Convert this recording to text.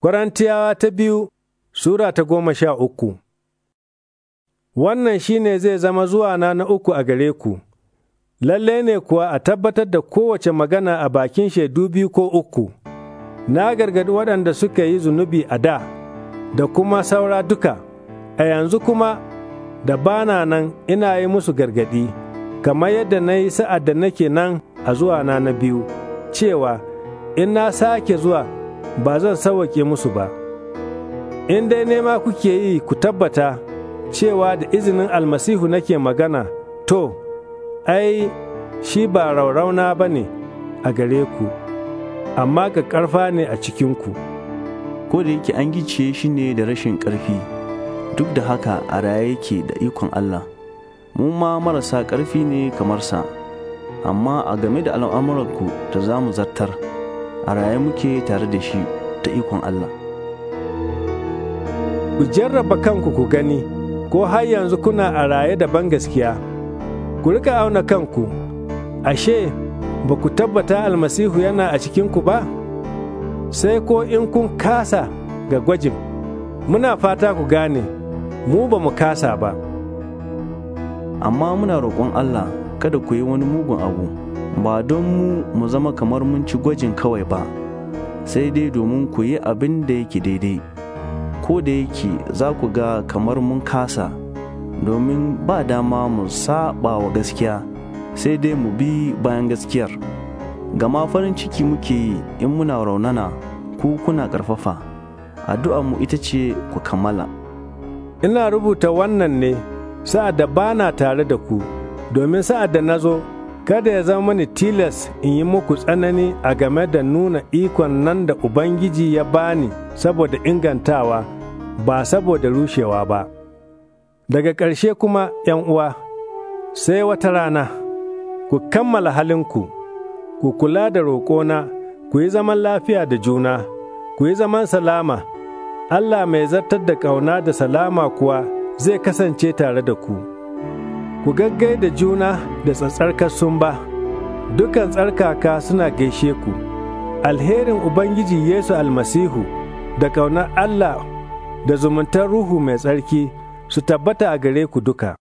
Korintiyawa ta biyu Sura ta goma sha uku Wannan shi ne zai zama zuwa na na uku a gare ku, lalle ne kuwa a tabbatar da kowace magana a bakin shaidu biyu ko uku, na gargadi waɗanda suka yi zunubi a da, da kuma saura duka, a yanzu kuma da bana nan ina yi musu gargadi, kamar yadda na yi sa'ad da nake nan a zuwa na na biyu, cewa in na sake zuwa. ba zan sawwake musu ba in dai nema kuke yi ku tabbata cewa da izinin almasihu nake magana to ai shi ba raurauna ba ne a gare ku amma ga ƙarfa ne a cikinku ko da yake an gice shi ne da rashin ƙarfi duk da haka a raye yake da ikon Allah mu ma marasa ƙarfi ne kamar sa amma a game da al'amuranku da za mu zartar a raye muke tare da shi ta ikon Allah. Ku jarraba kanku ku gani, ko har yanzu kuna a raye da ban gaskiya. Ku rika auna kanku, ashe, ba ku tabbata almasihu yana a cikinku ba? Sai ko in kun kasa ga gwajin, muna fata ku gane, mu ba mu kasa ba. Amma muna roƙon Allah kada ku yi wani mugun abu ba don mu mu zama kamar mun ci gwajin kawai ba sai dai domin ku yi abin da yake daidai ko da yake za ku ga kamar mun kasa domin ba dama mu saba wa gaskiya sai dai mu bi bayan gaskiyar gama farin ciki muke yi in muna raunana ku kuna ƙarfafa addu'a mu ita ce ku kammala ina rubuta wannan ne sa'ad da bana tare da ku domin sa'ad da na zo, kada ya zama mani tilas in yi muku tsanani a game da nuna ikon nan da Ubangiji ya bani saboda ingantawa, ba saboda rushewa ba. Daga ƙarshe kuma ’yan uwa, sai wata rana, ku kammala halinku, ku kula da roƙona, ku yi zaman lafiya da juna, ku yi zaman salama, Allah mai zartar da ƙauna da salama kuwa zai kasance tare da ku. ku gaggai da juna da tsatsarkar sun ba, dukan tsarkaka suna gaishe ku, alherin Ubangiji Yesu almasihu da ƙaunar Allah da zumuntar Ruhu mai tsarki su tabbata a gare ku duka.